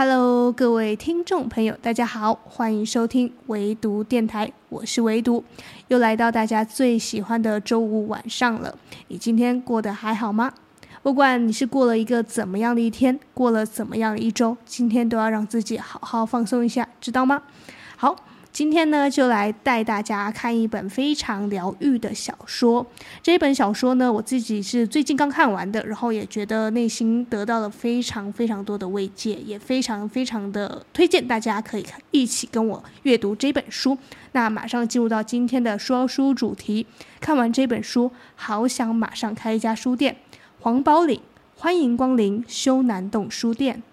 Hello，各位聽眾朋友，大家好，歡迎收聽微讀電台，我是微讀，又來到大家最喜歡的周五晚上了。你今天過得還好嗎？不管你是過了一個怎麼樣的一天，過了怎麼樣的一周，今天都要讓自己好好放鬆一下，知道嗎？好。今天呢，就來帶大家看一本非常療癒的小說。這一本小說呢，我自己是最近剛看完的，然後也覺得內心得到了非常非常多的慰藉，也非常非常的推薦大家可以看，一起跟我閱讀這本書。那馬上進入到今天的說書、書主題。看完這本書，好想馬上開一家書店。黃寶凜，歡迎光臨休南洞書店。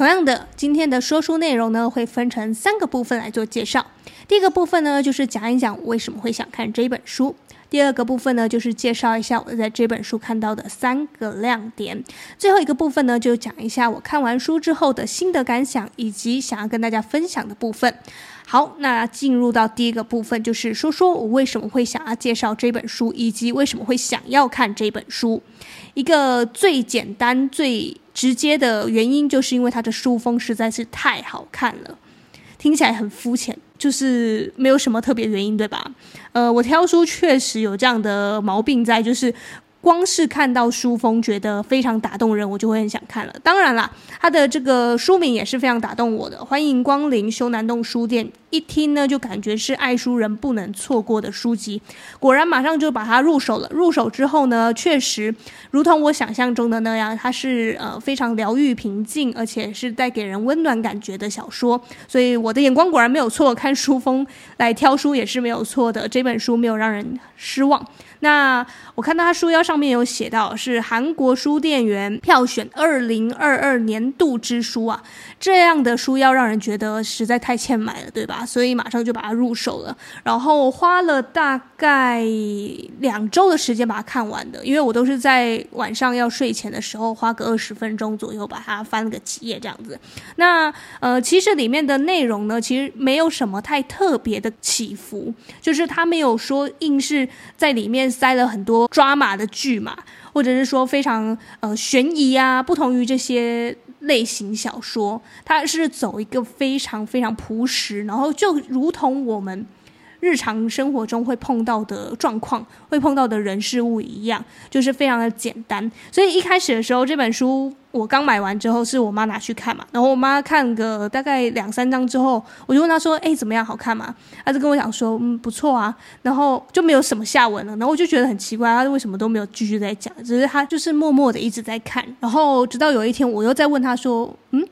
同樣的，今天的說書內容呢，會分成三個部分來做介紹。第一個部分呢，就是講一講為什麼會想看這一本書。第二個部分呢，就是介紹一下我在這本書看到的三個亮點。最後一個部分呢，就講一下我看完書之後的心得感想以及想要跟大家分享的部分。好，那進入到第一個部分，就是說說我為什麼會想要介紹這本書，以及為什麼會想要看這本書。一個最簡單、最直接的原因，就是因為它的書封實在是太好看了。聽起來很膚淺，就是沒有什麼特別原因，對吧？呃，我挑書確實有這樣的毛病在，就是。光是看到書封，覺得非常打動人，我就會很想看了。當然啦，它的這個書名也是非常打動我的。歡迎光臨休南洞書店，一聽呢就感覺是愛書人不能錯過的書籍。果然，馬上就把它入手了。入手之後呢，確實如同我想象中的那樣，它是呃非常療癒、平靜，而且是帶給人溫暖感覺的小說。所以我的眼光果然沒有錯，看書封來挑書也是沒有錯的。這本書沒有讓人失望。那我看到他書腰上面有寫到，是韓國書店員票選二零二二年度之書啊，這樣的書腰讓人覺得實在太欠買了，對吧？所以馬上就把它入手了。然後花了大概兩周的時間把它看完的，因為我都是在晚上要睡前的時候花個二十分鐘左右把它翻了個幾頁這樣子。那呃，其實裡面的內容呢，其實沒有什麼太特別的起伏，就是他沒有說硬是在裡面。塞了很多抓馬的劇嘛，或者是說非常呃懸疑啊，不同於這些類型小說，它是走一個非常非常樸實，然後就如同我們。日常生活中會碰到的狀況，會碰到的人事物一樣，就是非常的簡單。所以一開始的時候，這本書我剛買完之後，是我媽拿去看嘛。然後我媽看個大概兩三章之後，我就問她說：“誒，怎麼樣，好看嘛？”她就跟我講說：“嗯，不錯啊。”然後就沒有什麼下文了。然後我就覺得很奇怪，她為什麼都沒有繼續在講，只是她就是默默的一直在看。然後直到有一天，我又在問她說：“嗯？”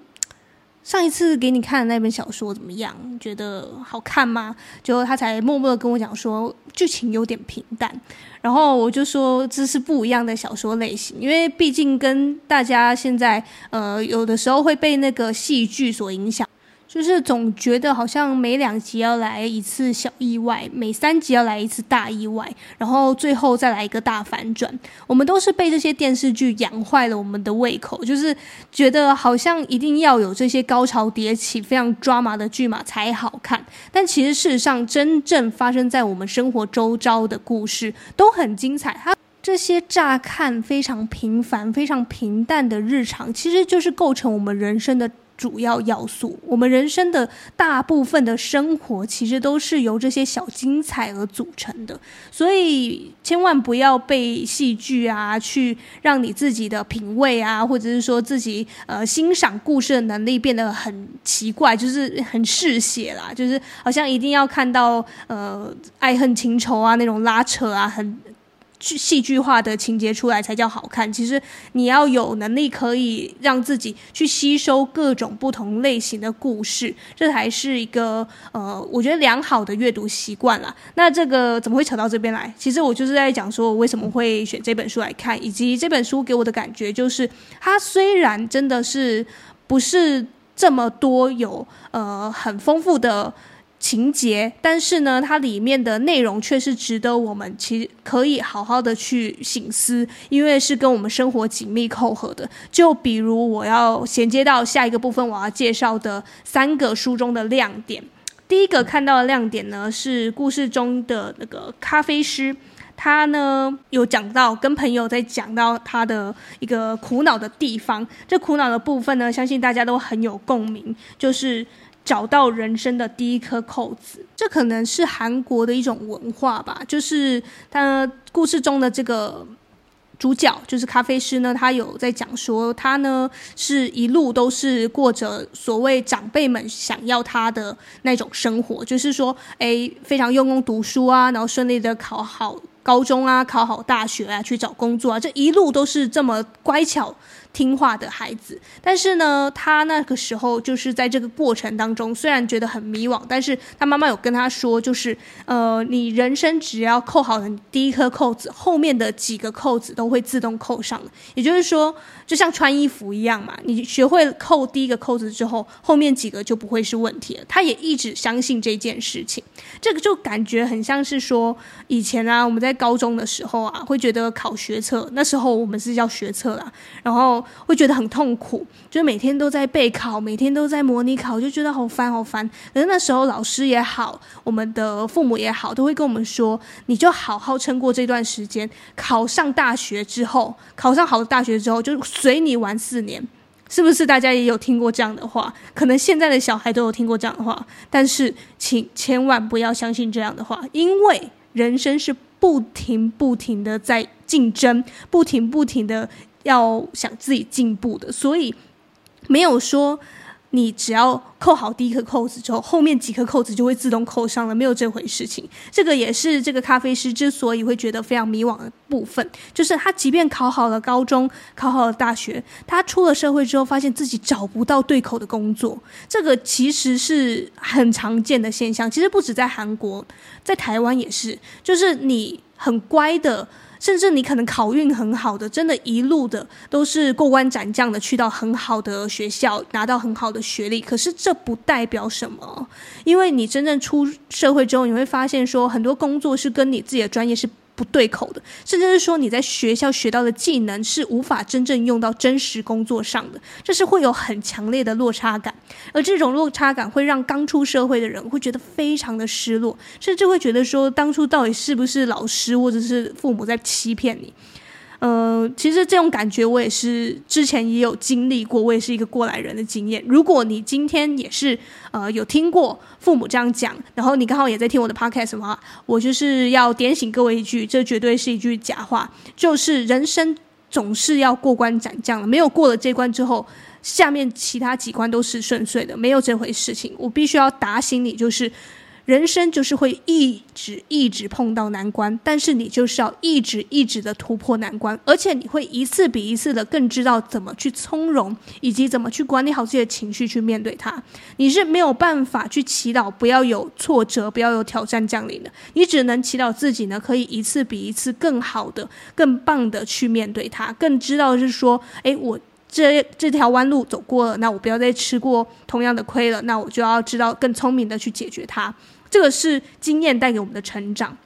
上一次給你看的那本小說怎麼樣？覺得好看嗎？就他才默默的跟我講說，劇情有點平淡。然後我就說這是不一樣的小說類型，因為畢竟跟大家現在呃有的時候會被那個戲劇所影響。就是總覺得好像每兩集要來一次小意外，每三集要來一次大意外，然後最後再來一個大反轉。我們都是被這些電視劇養壞了我們的胃口，就是覺得好像一定要有這些高潮迭起、非常抓馬的劇碼才好看。但其實事實上，真正發生在我們生活周遭的故事都很精彩。它、啊、這些乍看非常平凡、非常平淡的日常，其實就是構成我們人生的。主要要素。我們人生的大部分的生活其實都是由這些小精彩而組成的，所以千萬不要被戲劇啊，去讓你自己的品味啊，或者是說自己呃欣賞故事的能力變得很奇怪，就是很嗜血啦，就是好像一定要看到呃愛恨情仇啊那種拉扯啊，很劇戲劇化的情節出來才叫好看。其實你要有能力可以讓自己去吸收各種不同類型的故事，這才是一個呃，我覺得良好的閱讀習慣啦。那這個怎麼會扯到這邊來？其實我就是在講說我為什麼會選這本書來看，以及這本書給我的感覺就是，它雖然真的是不是這麼多有呃很豐富的。情節，但是呢，它裡面的內容卻是值得我們其實可以好好的去省思，因為是跟我們生活緊密扣合的。就比如我要銜接到下一個部分，我要介紹的三個書中的亮點。第一個看到的亮點呢，是故事中的那個咖啡師，他呢有講到跟朋友在講到他的一個苦惱的地方。這苦惱的部分呢，相信大家都很有共鳴，就是。找到人生的第一顆扣子，這可能是韓國的一種文化吧。就是他故事中的這個主角，就是咖啡師呢，他有在講說，他呢是一路都是過着所謂長輩們想要他的那種生活，就是說，誒，非常用功讀書啊，然後順利的考好高中啊，考好大學啊，去找工作啊，這一路都是這麼乖巧。聽話的孩子，但是呢，他那個時候就是在這個過程當中，雖然覺得很迷惘，但是他媽媽有跟他說，就是呃，你人生只要扣好了第一顆扣子，後面的幾個扣子都會自動扣上了。也就是說，就像穿衣服一樣嘛，你學會扣第一個扣子之後，後面幾個就不會是問題了。他也一直相信這件事情，這個就感覺很像是說以前啊，我們在高中的時候啊，會覺得考學測，那時候我們是叫學測啦，然後。會覺得很痛苦，就每天都在備考，每天都在模擬考，就覺得好煩好煩。可是那時候老師也好，我們的父母也好，都會跟我們說：“你就好好撐過這段時間，考上大學之後，考上好的大學之後，就隨你玩四年。”是不是大家也有聽過這樣的話？可能現在的小孩都有聽過這樣的話，但是請千萬不要相信這樣的話，因為人生是不停不停的在競爭，不停不停的。要想自己進步的，所以沒有說你只要扣好第一顆扣子之後，後面幾顆扣子就會自動扣上了，沒有這回事情。這個也是這個咖啡師之所以會覺得非常迷惘的部分，就是他即便考好了高中，考好了大學，他出了社會之後，發現自己找不到對口的工作，這個其實是很常見的現象。其實不止在韓國，在台灣也是，就是你很乖的。甚至你可能考運很好的，真的，一路的都是過關斬將的，去到很好的學校，拿到很好的學歷。可是這不代表什麼，因為你真正出社會之後，你會發現說，很多工作是跟你自己的專業是。不對口的，甚至是說你在學校學到的技能是無法真正用到真實工作上的，這是會有很強烈的落差感。而這種落差感會讓剛出社會的人會覺得非常的失落，甚至會覺得說當初到底是不是老師或者是父母在欺騙你。呃，其實這種感覺我也是之前也有經歷過，我也是一個過來人的經驗。如果你今天也是呃有聽過父母這樣講，然後你剛好也在聽我的 podcast 的話，我就是要點醒各位一句，這絕對是一句假話，就是人生總是要過關斬將的，沒有過了這關之後，下面其他幾關都是順遂的，沒有這回事情。我必須要打醒你，就是。人生就是會一直一直碰到難關，但是你就是要一直一直的突破難關，而且你會一次比一次的更知道怎麼去從容，以及怎麼去管理好自己的情緒去面對它。你是沒有辦法去祈禱不要有挫折，不要有挑戰降臨的，你只能祈禱自己呢可以一次比一次更好的、更棒的去面對它，更知道是說，誒，我這這條彎路走過了，那我不要再吃過同樣的虧了，那我就要知道更聰明的去解決它。這個是經驗帶給我們的成長。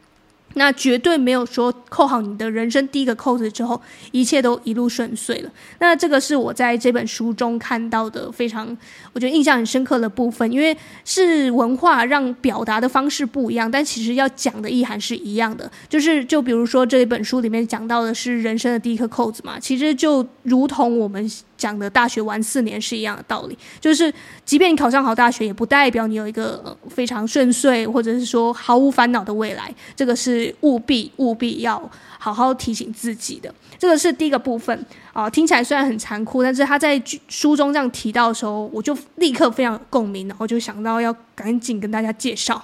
那絕對沒有說扣好你的人生第一個扣子之後，一切都一路順遂了。那這個是我在這本書中看到的非常，我覺得印象很深刻的部分，因為是文化讓表達的方式不一樣，但其實要講的意涵是一樣的。就是，就比如說這一本書裡面講到的是人生的第一顆扣子嘛，其實就如同我們講的大學玩四年是一樣的道理，就是，即便你考上好大學，也不代表你有一個非常順遂，或者是說毫無煩惱的未來。這個是。務必務必要好好提醒自己的，這個是第一個部分啊。聽起來雖然很殘酷，但是他在書中這樣提到的時候，我就立刻非常有共鳴，然後就想到要趕緊跟大家介紹。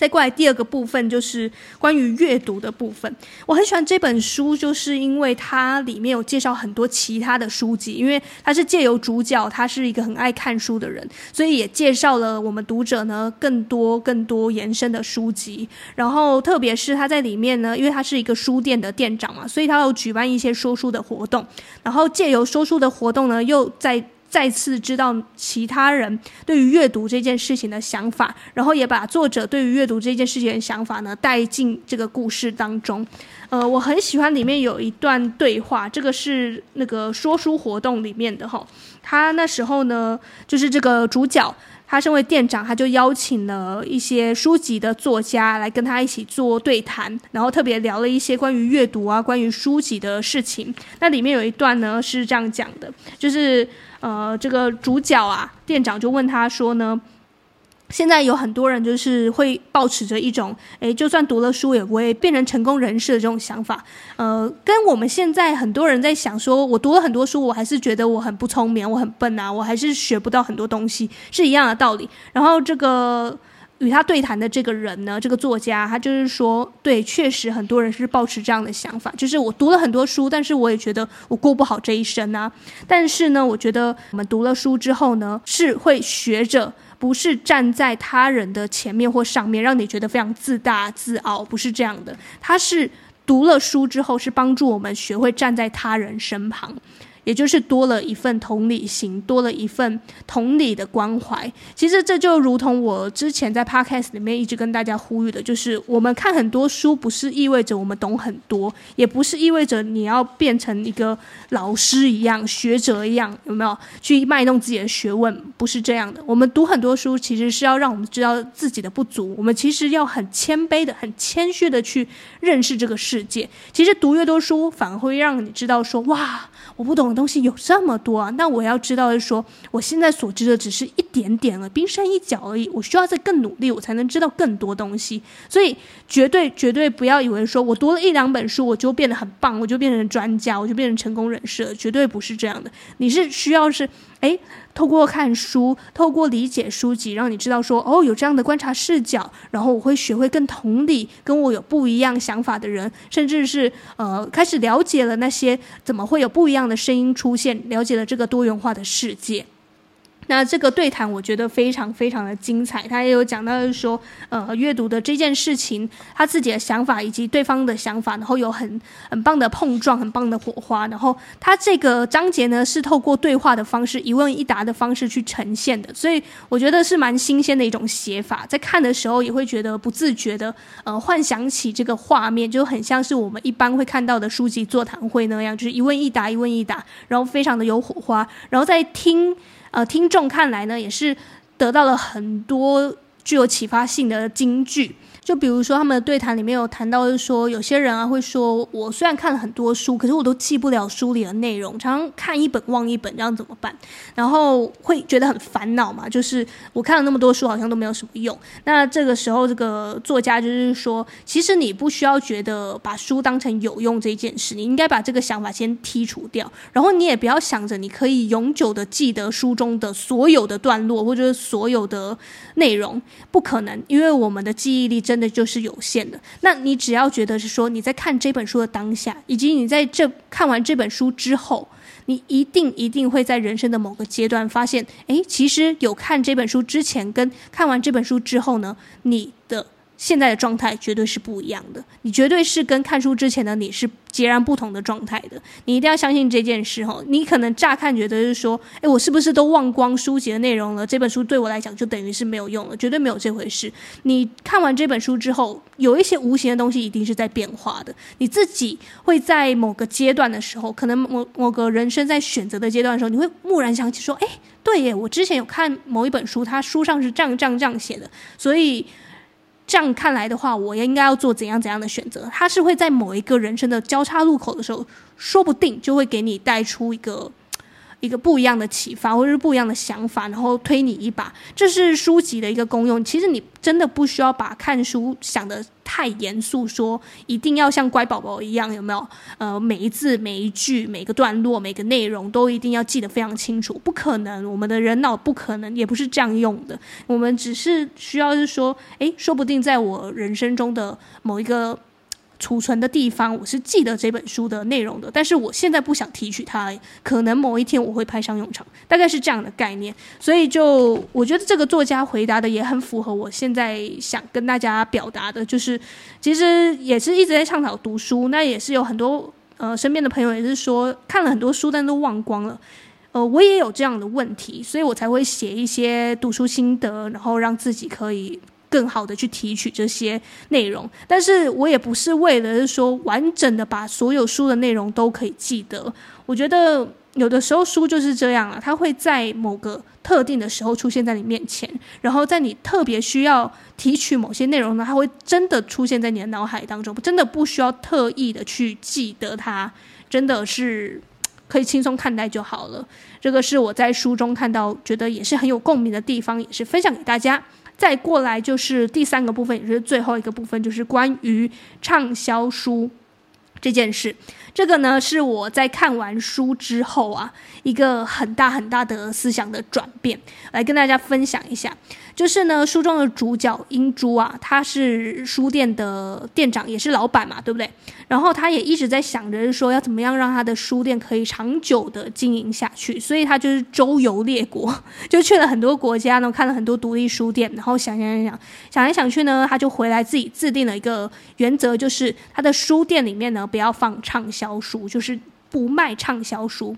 再過來第二個部分就是關於閱讀的部分。我很喜歡這本書，就是因為它裡面有介紹很多其他的書籍，因為它是借由主角，他是一個很愛看書的人，所以也介紹了我們讀者呢更多更多延伸的書籍。然後特別是他在裡面呢，因為他是一個書店的店長嘛，所以他有舉辦一些說書的活動。然後借由說書的活動呢，又在再次知道其他人對於閱讀這件事情的想法，然後也把作者對於閱讀這件事情的想法呢帶進這個故事當中。呃，我很喜歡裡面有一段對話，這個是那個說書活動裡面的吼，他那時候呢就是這個主角。他身為店長，他就邀請了一些書籍的作家來跟他一起做對談，然後特別聊了一些關於閱讀啊、關於書籍的事情。那裡面有一段呢，是這樣講的，就是呃，這個主角啊，店長就問他說呢。現在有很多人就是會抱持着一種，哎，就算讀了書，也不會變成成功人士的這種想法。呃，跟我們現在很多人在想說，說我讀了很多書，我還是覺得我很不聰明，我很笨啊，我還是學不到很多東西，是一樣的道理。然後這個與他對談的這個人呢，這個作家，他就是說，對，確實很多人是抱持這樣的想法，就是我讀了很多書，但是我也覺得我過不好這一生啊。但是呢，我覺得我們讀了書之後呢，是會學着。不是站在他人的前面或上面，讓你覺得非常自大自傲，不是這樣的。他是讀了書之後，是幫助我們學會站在他人身旁。也就是多了一份同理心，多了一份同理的關懷。其實這就如同我之前在 Podcast 裡面一直跟大家呼籲的，就是我們看很多書，不是意味着我們懂很多，也不是意味着你要變成一個老師一樣、學者一樣，有沒有去賣弄自己的學問？不是這樣的。我們讀很多書，其實是要讓我們知道自己的不足，我們其實要很謙卑的、很謙虛的去認識這個世界。其實讀越多書，反而會讓你知道說：哇，我不懂。東西有這麼多啊，那我要知道的是說，我現在所知的只是一點點了，冰山一角而已。我需要再更努力，我才能知道更多東西。所以絕對絕對不要以為說我讀了一兩本書，我就變得很棒，我就變成專家，我就變成成功人士了。絕對不是這樣的。你是需要是。誒，透過看書，透過理解書籍，讓你知道說，哦，有這樣的觀察視角，然後我會學會更同理跟我有不一樣想法的人，甚至是呃，開始了解了那些怎麼會有不一樣的聲音出現，了解了這個多元化的世界。那這個對談，我覺得非常非常的精彩。他也有講到，就是說，呃，閱讀的這件事情，他自己的想法以及對方的想法，然後有很很棒的碰撞，很棒的火花。然後他這個章節呢，是透過對話的方式，一問一答的方式去呈現的，所以我覺得是蠻新鮮的一種寫法。在看的時候，也會覺得不自覺的，呃，幻想起這個畫面，就很像是我們一般會看到的書籍座談會那樣，就是一問一答，一問一答，然後非常的有火花。然後在聽，呃，聽眾看來呢，也是得到了很多具有啟發性的金句。就比如說，他們的對談裡面有談到，就是說有些人啊會說，我雖然看了很多書，可是我都記不了書裡的內容，常常看一本忘一本，這樣怎麼辦？然後會覺得很煩惱嘛，就是我看了那麼多書，好像都沒有什麼用。那這個時候，這個作家就是說，其實你不需要覺得把書當成有用這件事，你應該把這個想法先剔除掉，然後你也不要想着你可以永久的記得書中的所有的段落或者所有的內容，不可能，因為我們的記憶力。真的就是有限的。那你只要覺得是說你在看這本書的當下，以及你在這看完這本書之後，你一定一定會在人生的某個階段發現，誒，其實有看這本書之前跟看完這本書之後呢，你的。現在的狀態絕對是不一樣的，你絕對是跟看書之前的你是截然不同的狀態的。你一定要相信這件事哦，你可能乍看覺得就是說，誒，我是不是都忘光書籍的內容了？這本書對我來講就等於是沒有用了，絕對沒有這回事。你看完這本書之後，有一些無形的東西一定是在變化的。你自己會在某個階段的時候，可能某某個人生在選擇的階段的時候，你會驀然想起說，誒，對耶，我之前有看某一本書，它書上是這樣這樣這樣寫的，所以。這樣看來的話，我應該要做怎樣怎樣的選擇？他是會在某一個人生的交叉路口的時候，說不定就會給你帶出一個一個不一樣的啟發，或者是不一樣的想法，然後推你一把。這是書籍的一個功用。其實你真的不需要把看書想的。太嚴肅說，說一定要像乖寶寶一樣，有沒有？呃，每一字、每一句、每個段落、每個內容都一定要記得非常清楚，不可能，我們的人腦不可能，也不是這樣用的。我們只是需要，是說，誒，說不定在我人生中的某一個。儲存的地方，我是記得這本書的內容的，但是我現在不想提取它，可能某一天我會派上用場，大概是這樣的概念。所以就我覺得這個作家回答的也很符合我現在想跟大家表達的，就是其實也是一直在倡導讀書，那也是有很多呃身邊的朋友也是說看了很多書，但都忘光了，呃，我也有這樣的問題，所以我才會寫一些讀書心得，然後讓自己可以。更好的去提取這些內容，但是我也不是為了是說完整的把所有書的內容都可以記得。我覺得有的時候書就是這樣了啊，它會在某個特定的時候出現在你面前，然後在你特別需要提取某些內容呢，它會真的出現在你的腦海當中，真的不需要特意的去記得它，真的是可以輕鬆看待就好了。這個是我在書中看到，覺得也是很有共鳴的地方，也是分享給大家。再過來就是第三個部分，也是最後一個部分，就是關於暢銷書這件事。這個呢是我在看完書之後啊，一個很大很大的思想的轉變，來跟大家分享一下。就是呢，書中的主角英珠啊，他是書店的店長，也是老板嘛，對不對？然後他也一直在想着，說要怎麼樣讓他的書店可以長久的經營下去，所以他就是周遊列國，就去了很多國家呢，看了很多獨立書店，然後想想想想，想來想去呢，他就回來自己制定了一個原則，就是他的書店裡面呢不要放暢銷書，就是不賣暢銷書。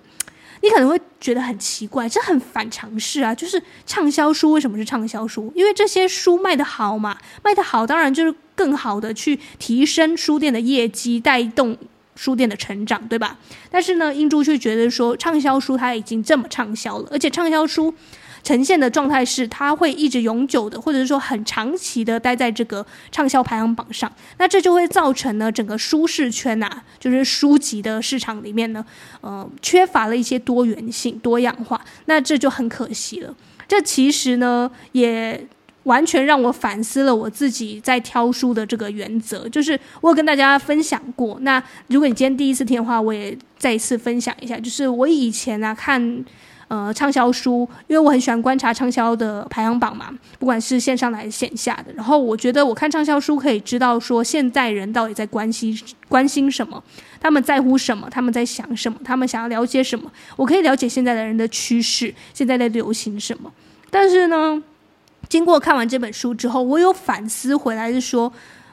你可能會覺得很奇怪，這很反常識啊！就是暢銷書為什麼是暢銷書？因為這些書賣得好嘛，賣得好當然就是更好的去提升書店的業績，帶動書店的成長，對吧？但是呢，英珠卻覺得說，暢銷書它已經這麼暢銷了，而且暢銷書。呈現的狀態是，它會一直永久的，或者是說很長期的待在這個暢銷排行榜上。那這就會造成呢，整個書市圈吶、啊，就是書籍的市場裡面呢，嗯、呃，缺乏了一些多元性、多樣化。那這就很可惜了。這其實呢，也完全讓我反思了我自己在挑書的這個原則。就是我有跟大家分享過，那如果你今天第一次聽的話，我也再一次分享一下。就是我以前啊，看。呃，暢銷書，因為我很喜歡觀察暢銷的排行榜嘛，不管是線上還是線下的。然後我覺得我看暢銷書可以知道說現在人到底在關心關心什麼，他們在乎什麼，他們在想什麼，他們想要了解什麼。我可以了解現在的人的趨勢，現在在流行什麼。但是呢，經過看完這本書之後，我有反思回來是說，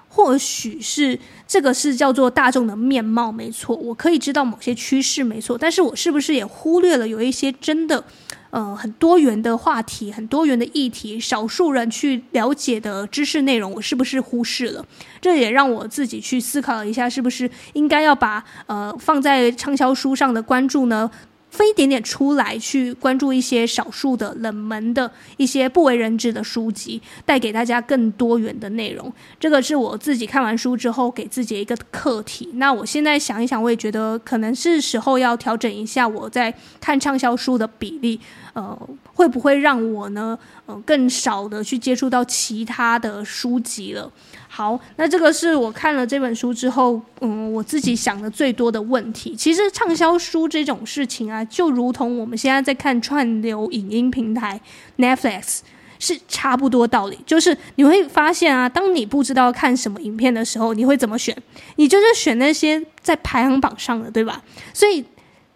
或許是，這個是叫做大眾的面貌，沒錯，我可以知道某些趨勢，沒錯，但是我是不是也忽略了有一些真的，呃，很多元的話題，很多元的議題，少數人去了解的知識內容，我是不是忽視了？這也讓我自己去思考一下，是不是應該要把呃放在暢銷書上的關注呢？分一點點出來去關注一些少數的冷門的一些不為人知的書籍，帶給大家更多元的內容。這個是我自己看完書之後給自己一個課題。那我現在想一想，我也覺得可能是時候要調整一下我在看暢銷書的比例，呃，會不會讓我呢，呃，更少的去接觸到其他的書籍了？好，那這個是我看了這本書之後，嗯，我自己想的最多的問題。其實暢銷書這種事情啊，就如同我們現在在看串流影音平台 Netflix 是差不多道理，就是你會發現啊，當你不知道看什麼影片的時候，你會怎麼選？你就是選那些在排行榜上的，對吧？所以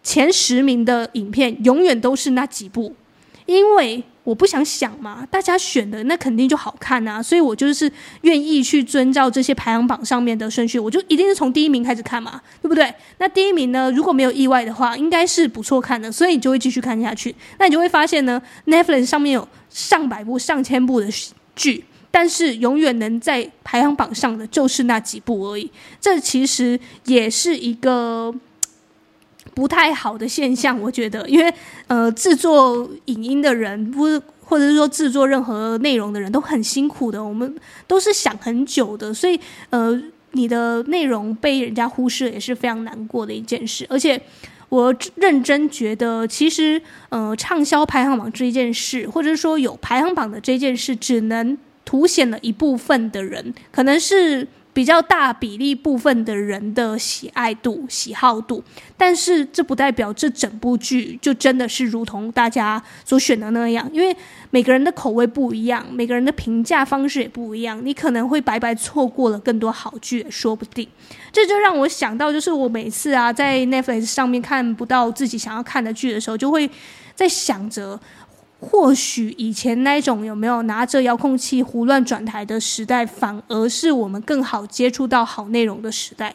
前十名的影片永遠都是那幾部。因為我不想想嘛，大家選的那肯定就好看啊，所以我就是願意去遵照這些排行榜上面的順序，我就一定是從第一名開始看嘛，對不對？那第一名呢，如果沒有意外的話，應該是不錯看的，所以你就會繼續看下去。那你就會發現呢，Netflix 上面有上百部、上千部的劇，但是永遠能在排行榜上的就是那幾部而已。這其實也是一個。不太好的現象，我覺得，因為呃，制作影音的人不是，或者是說制作任何內容的人都很辛苦的，我們都是想很久的，所以呃，你的內容被人家忽視也是非常難過的一件事。而且我認真覺得，其實呃，暢銷排行榜這一件事，或者是說有排行榜的這件事，只能凸顯了一部分的人，可能是。比較大比例部分的人的喜愛度、喜好度，但是這不代表這整部劇就真的是如同大家所選的那樣，因為每個人的口味不一樣，每個人的評價方式也不一樣，你可能會白白錯過了更多好劇，也說不定。這就讓我想到，就是我每次啊在 Netflix 上面看不到自己想要看的劇的時候，就會在想着。或許以前那種有沒有拿着遙控器胡亂轉台的時代，反而是我們更好接觸到好內容的時代。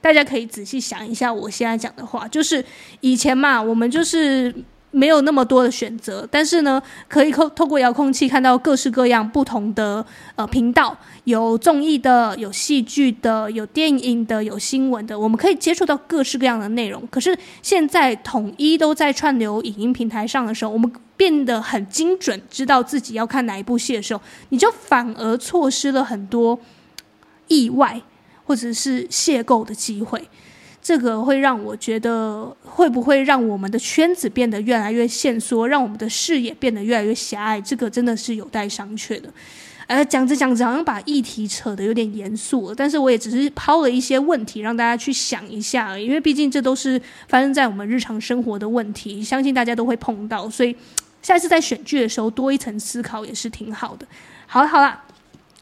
大家可以仔細想一下，我現在講的話就是以前嘛，我們就是。沒有那麼多的選擇，但是呢，可以透透過遙控器，看到各式各樣不同的呃頻道，有綜藝的，有戲劇的，有電影的，有新聞的，我們可以接觸到各式各樣的內容。可是現在統一都在串流影音平台上的時候，我們變得很精準，知道自己要看哪一部戲的時候，你就反而錯失了很多意外或者是邂逅的機會。這個會讓我覺得，會不會讓我們的圈子變得越來越限縮，讓我們的視野變得越來越狹隘？這個真的是有待商榷的。呃，講着講着，好像把議題扯得有點嚴肅了。但是我也只是拋了一些問題，讓大家去想一下，因為畢竟這都是發生在我們日常生活的問題，相信大家都會碰到。所以下一次在選劇的時候，多一層思考也是挺好的。好了好了，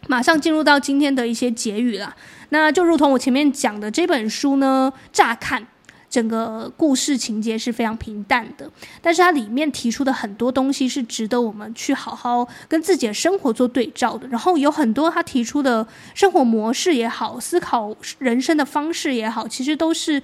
馬上進入到今天的一些結語了。那就如同我前面講的這本書呢，乍看整個故事情節是非常平淡的，但是它裡面提出的很多東西是值得我們去好好跟自己的生活做對照的。然後有很多他提出的生活模式也好，思考人生的方式也好，其實都是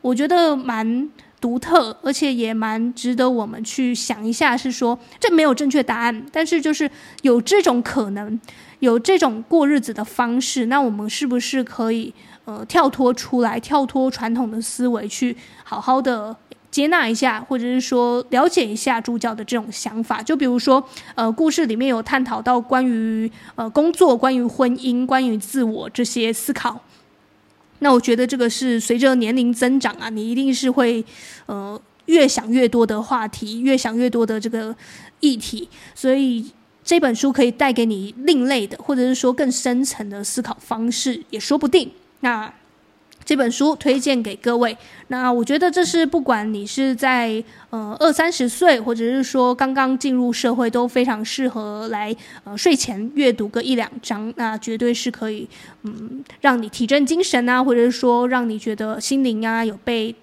我覺得蠻獨特，而且也蠻值得我們去想一下。是說這沒有正確答案，但是就是有這種可能。有這種過日子的方式，那我們是不是可以呃跳脫出來，跳脫傳統的思維，去好好的接納一下，或者是說了解一下主角的這種想法？就比如說，呃，故事裡面有探討到關於呃工作、關於婚姻、關於自我這些思考。那我覺得這個是隨着年齡增長啊，你一定是會呃越想越多的話題，越想越多的這個議題，所以。這本書可以帶給你另類的，或者是說更深層的思考方式，也說不定。那這本書推薦給各位，那我覺得這是不管你是在呃二三十歲，或者是說剛剛進入社會，都非常適合來呃睡前閱讀個一兩章，那絕對是可以嗯讓你提振精神啊，或者是說讓你覺得心靈啊有被。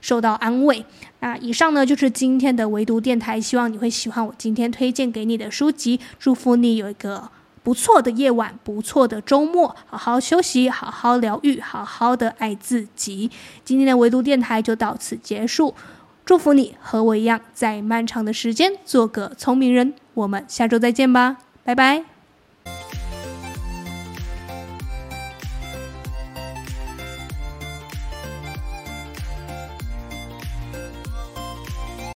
受到安慰。那、啊、以上呢，就是今天的微讀電台。希望你會喜歡我今天推薦給你的書籍。祝福你有一個不錯的夜晚，不錯的週末，好好休息，好好療癒，好好的愛自己。今天的微讀電台就到此結束。祝福你和我一樣，在漫長的時間做個聰明人。我們下週再見吧，拜拜。